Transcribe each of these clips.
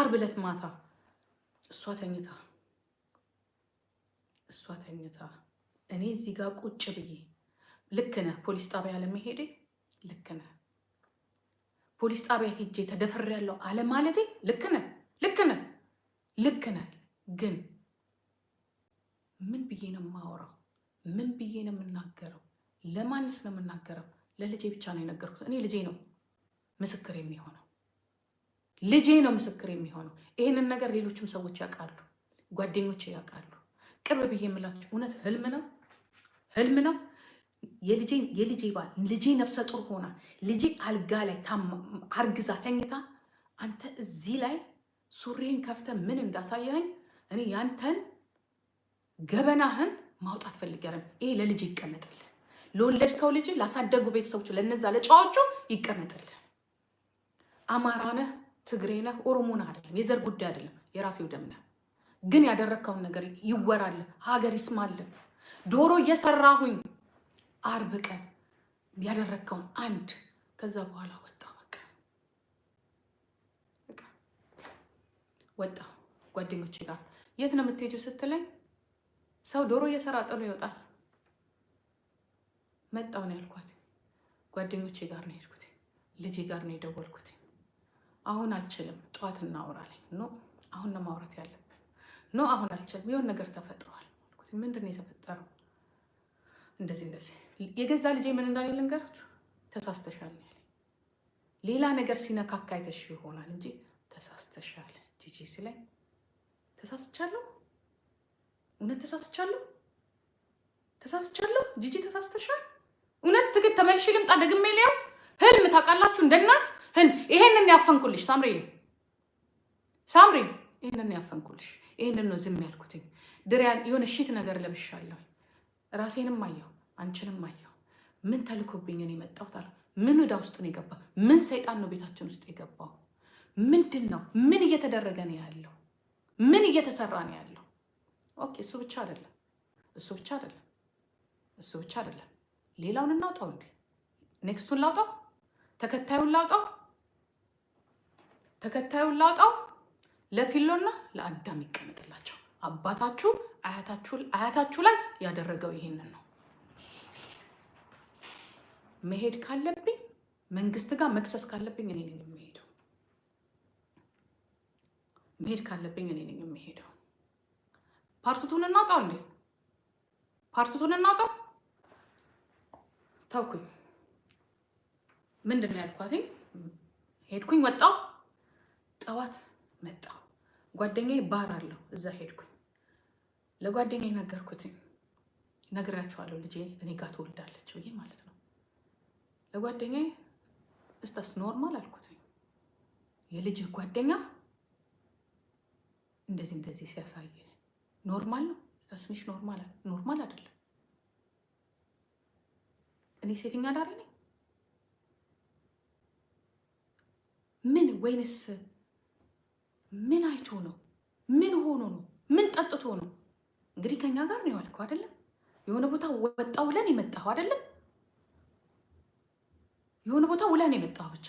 አርብ ዕለት ማታ እሷ ተኝታ እሷ ተኝታ እኔ እዚህ ጋር ቁጭ ብዬ ልክ ነህ ፖሊስ ጣቢያ አለመሄዴ ልክ ነህ፣ ፖሊስ ጣቢያ ሄጄ ተደፍሬያለሁ አለማለቴ ልክ ነህ፣ ልክ ነህ፣ ልክ ነህ። ግን ምን ብዬ ነው የማወራው? ምን ብዬ ነው የምናገረው? ለማንስ ነው የምናገረው? ለልጄ ብቻ ነው የነገርኩት። እኔ ልጄ ነው ምስክር የሚሆነው። ልጄ ነው ምስክር የሚሆነው። ይህንን ነገር ሌሎችም ሰዎች ያውቃሉ፣ ጓደኞች ያውቃሉ። ቅርብ ብዬ የምላቸው እውነት ህልም ነው ህልም ነው። የልጄ ባል ልጄ ነፍሰ ጡር ሆና ልጄ አልጋ ላይ አርግዛ ተኝታ፣ አንተ እዚህ ላይ ሱሪህን ከፍተ ምን እንዳሳያኝ እኔ ያንተን ገበናህን ማውጣት ፈልጊያለሁ። ይሄ ለልጅ ይቀመጥል፣ ለወለድከው ልጅ ላሳደጉ ቤተሰቦች፣ ለነዛ ለጨዋቹ ይቀመጥል አማራ ነህ ትግሬ ነህ ኦሮሞ ነህ አይደለም፣ የዘር ጉዳይ አይደለም፣ የራሴው ደም ነህ። ግን ያደረግከውን ነገር ይወራል፣ ሀገር ይስማል። ዶሮ እየሰራሁኝ አርብ ቀን ያደረግከውን አንድ ከዛ በኋላ ወጣ በቃ ወጣ ጓደኞቼ ጋር የት ነው የምትሄጂው ስትለኝ ሰው ዶሮ እየሰራ ጥሩ ይወጣል። መጣው ነው ያልኳት። ጓደኞቼ ጋር ነው የሄድኩት። ልጄ ጋር ነው የደወልኩት። አሁን አልችልም፣ ጠዋት እናወራለን። ኖ አሁን ነው ማውራት ያለብን። ኖ አሁን አልችልም፣ የሆነ ነገር ተፈጥሯል። ምንድን ነው የተፈጠረው? እንደዚህ እንደዚህ። የገዛ ልጄ ምን እንዳለ ልንገራችሁ። ተሳስተሻል ያለ ሌላ ነገር ሲነካካ አይተሽ ይሆናል እንጂ ተሳስተሻል ጂጂ ሲለኝ ተሳስቻለሁ፣ እውነት ተሳስቻለሁ፣ ተሳስቻለሁ ጂጂ ተሳስተሻል፣ እውነት ትግል ተመልሼ ልምጣ ደግሜ ሊያው ህልም ታውቃላችሁ እንደ እናት ይሄንን ያፈንኩልሽ ሳምሪ ሳምሪ፣ ይሄንን ያፈንኩልሽ። ይሄንን ነው ዝም ያልኩትኝ። ድሪያን የሆነ ሽት ነገር ለብሻለሁ። ራሴንም አየሁ፣ አንቺንም አየሁ። ምን ተልኮብኝን የመጣሁት አለ። ምን ወዳ ውስጥ ነው የገባ? ምን ሰይጣን ነው ቤታችን ውስጥ የገባው? ምንድን ነው? ምን እየተደረገ ነው ያለው? ምን እየተሰራ ነው ያለው? ኦኬ፣ እሱ ብቻ አይደለም፣ እሱ ብቻ አይደለም፣ እሱ ብቻ አይደለም። ሌላውን እናውጣው እንዴ? ኔክስቱን ላውጣው? ተከታዩን ላውጣው? ተከታዩን ላውጣው። ለፊሎና ለአዳም ይቀመጥላቸው። አባታችሁ አያታችሁ ላይ ያደረገው ይሄንን ነው። መሄድ ካለብኝ መንግስት ጋር መክሰስ ካለብኝ እኔ ነኝ የምሄደው። መሄድ ካለብኝ እኔ ነኝ የምሄደው። ፓርቲቱን እናውጣው እንዴ! ፓርቲቱን እናውጣው። ተውኩኝ። ምንድን ነው ያልኳትኝ? ሄድኩኝ፣ ወጣው ጠዋት መጣሁ። ጓደኛዬ ባር አለው እዛ ሄድኩኝ። ለጓደኛዬ ነገርኩትኝ ነግራችኋለሁ ልጄ እኔ ጋር ትወልዳለች ብዬ ማለት ነው። ለጓደኛዬ እስታስ ኖርማል አልኩትኝ። የልጅ ጓደኛ እንደዚህ እንደዚህ ሲያሳይ ኖርማል ነው ስንሽ ኖርማል ኖርማል አይደለም። እኔ ሴተኛ አዳሪ ነኝ ምን ወይንስ ምን አይቶ ነው? ምን ሆኖ ነው? ምን ጠጥቶ ነው? እንግዲህ ከኛ ጋር ነው የዋልከው አይደለም? የሆነ ቦታ ወጣ ውለን የመጣው አይደለም? የሆነ ቦታ ውለን የመጣው ብቻ።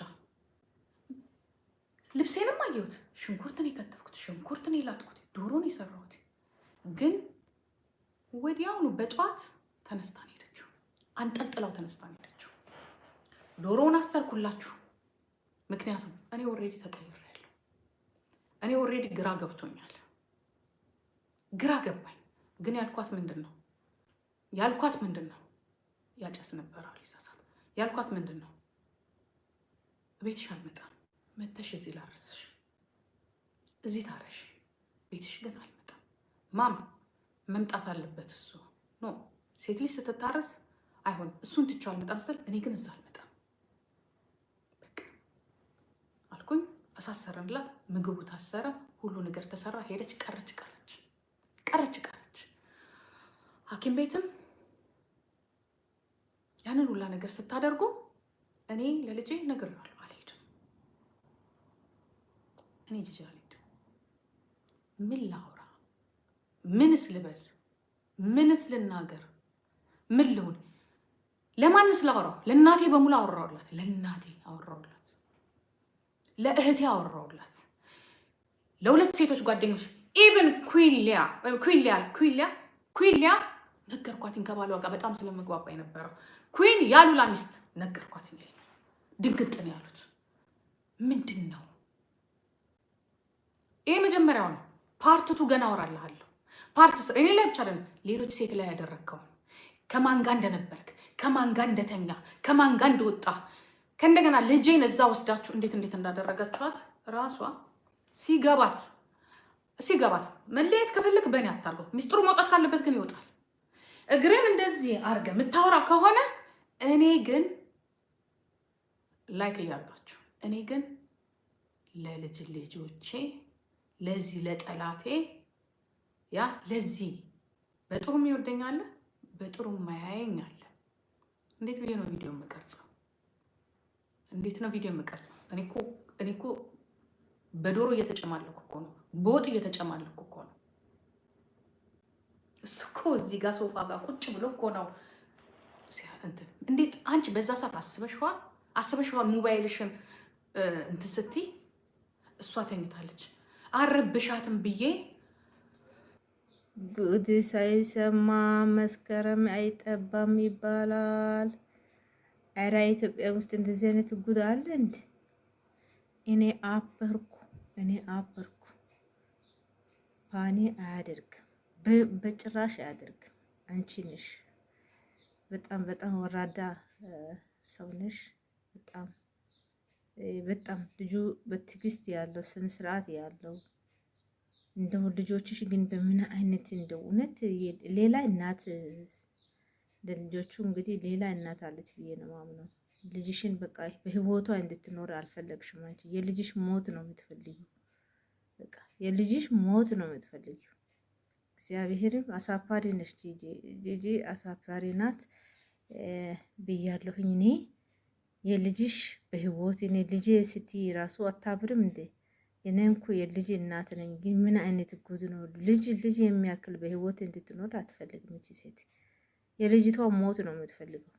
ልብሴንም አየሁት። ሽንኩርትን የከተፍኩት፣ ሽንኩርትን የላጥኩት፣ ዶሮን የሰራሁት ግን ወዲያውኑ በጠዋት ተነስታ ነው ሄደችው። አንጠልጥላው ተነስታ ነው ሄደችው። ዶሮውን አሰርኩላችሁ። ምክንያቱም እኔ ኦልሬዲ ተቀየረ እኔ ኦሬዲ ግራ ገብቶኛል። ግራ ገባኝ። ግን ያልኳት ምንድን ነው ያልኳት ምንድን ነው ያጨስ ነበር አልሳሳት ያልኳት ምንድን ነው ቤትሽ አልመጣም። መተሽ እዚህ ላረስሽ፣ እዚህ ታረሽ። ቤትሽ ግን አልመጣም። ማም መምጣት አለበት እሱ ኖ ሴት ልጅ ስትታረስ አይሆን እሱን ትቼው አልመጣም ስትል እኔ ግን እዛ አልመጣም አሳሰረንላት። ምግቡ ታሰረ፣ ሁሉ ነገር ተሰራ። ሄደች፣ ቀረች ቀረች ቀረች ቀረች። ሐኪም ቤትም ያንን ሁላ ነገር ስታደርጉ እኔ ለልጄ ነግሬዋለሁ፣ አልሄድም እኔ ጅጅ አልሄድም። ምን ላውራ? ምንስ ልበል? ምንስ ልናገር? ምን ልሁን? ለማንስ ላውራው? ለእናቴ በሙሉ አወራውላት፣ ለእናቴ አወራውላት። ለእህቴ አወራውላት ለሁለት ሴቶች ጓደኞች ኢቨን ኩሊያ ኩሊያ ኩሊያ ኩሊያ ነገርኳትኝ ከባሏ ጋር በጣም ስለመግባባ የነበረው ኩን ያሉላ ሚስት ነገርኳትኝ። ድንግጥ ያሉት። ምንድን ነው ይሄ? መጀመሪያው ነው። ፓርትቱ ገና አወራልሃለሁ። ፓርት እኔ ላይ ብቻ ሌሎች ሴት ላይ ያደረግከውን ከማን ጋር እንደነበርክ፣ ከማን ጋር እንደተኛ፣ ከማን ጋር እንደወጣ ከእንደገና ልጄን እዛ ወስዳችሁ እንዴት እንዴት እንዳደረገችኋት ራሷ ሲገባት ሲገባት መለየት ከፈለግ በእኔ አታርገው። ሚስጥሩ መውጣት ካለበት ግን ይወጣል። እግርን እንደዚህ አርገ የምታወራ ከሆነ እኔ ግን ላይክ እያርጋችሁ እኔ ግን ለልጅ ልጆቼ ለዚህ ለጠላቴ ያ ለዚህ በጥሩም ይወደኛል፣ በጥሩም ማያየኛል። እንዴት ብዬ ነው ቪዲዮ የምቀርጸው? እንዴት ነው ቪዲዮ የምቀርጸው? እኔ እኮ በዶሮ እየተጨማለኩ እኮ ነው፣ በወጥ እየተጨማለኩ እኮ ነው። እሱ እኮ እዚህ ጋር ሶፋ ጋር ቁጭ ብሎ እኮ ነው። እንዴት አንቺ በዛ ሰዓት አስበሽዋል? አስበሽዋል? ሞባይልሽን እንትን ስትይ እሷ ተኝታለች። አረብሻትም ብዬ ጉድ ሳይሰማ መስከረም አይጠባም ይባላል። እረ ኢትዮጵያ ውስጥ እንደዚህ አይነት ጉድ አለ እንዴ? እኔ አበርኩ፣ እኔ አበርኩ። ፓኒ አያደርግም፣ በጭራሽ አያደርግም። አንቺ ነሽ በጣም በጣም ወራዳ ሰው ነሽ። በጣም በጣም ልጁ በትዕግስት ያለው ስነ ስርዓት ያለው እንደው ልጆችሽ ግን በምን አይነት እንደው እውነት ሌላ እናት ለልጆቹ እንግዲህ ሌላ እናት አለች ብዬ ነው ማምነው። ልጅሽን በቃ በህይወቷ እንድትኖር አልፈለግሽም። አንቺ የልጅሽ ሞት ነው የምትፈልጊው። በቃ የልጅሽ ሞት ነው የምትፈልጊው። እግዚአብሔርም አሳፋሪ ነች ጂጂ፣ አሳፋሪ ናት ብያለሁኝ እኔ። የልጅሽ በህይወት እኔ ልጅ ስትይ ራሱ አታብርም እንዴ? እኔ እንኩ የልጅ እናት ነኝ፣ ግን ምን አይነት ጉድ ነው ልጅ ልጅ የሚያክል በህይወት እንድትኖር አትፈልግም ይቺ ሴት። የልጅቷ ሞት ነው የምትፈልገው።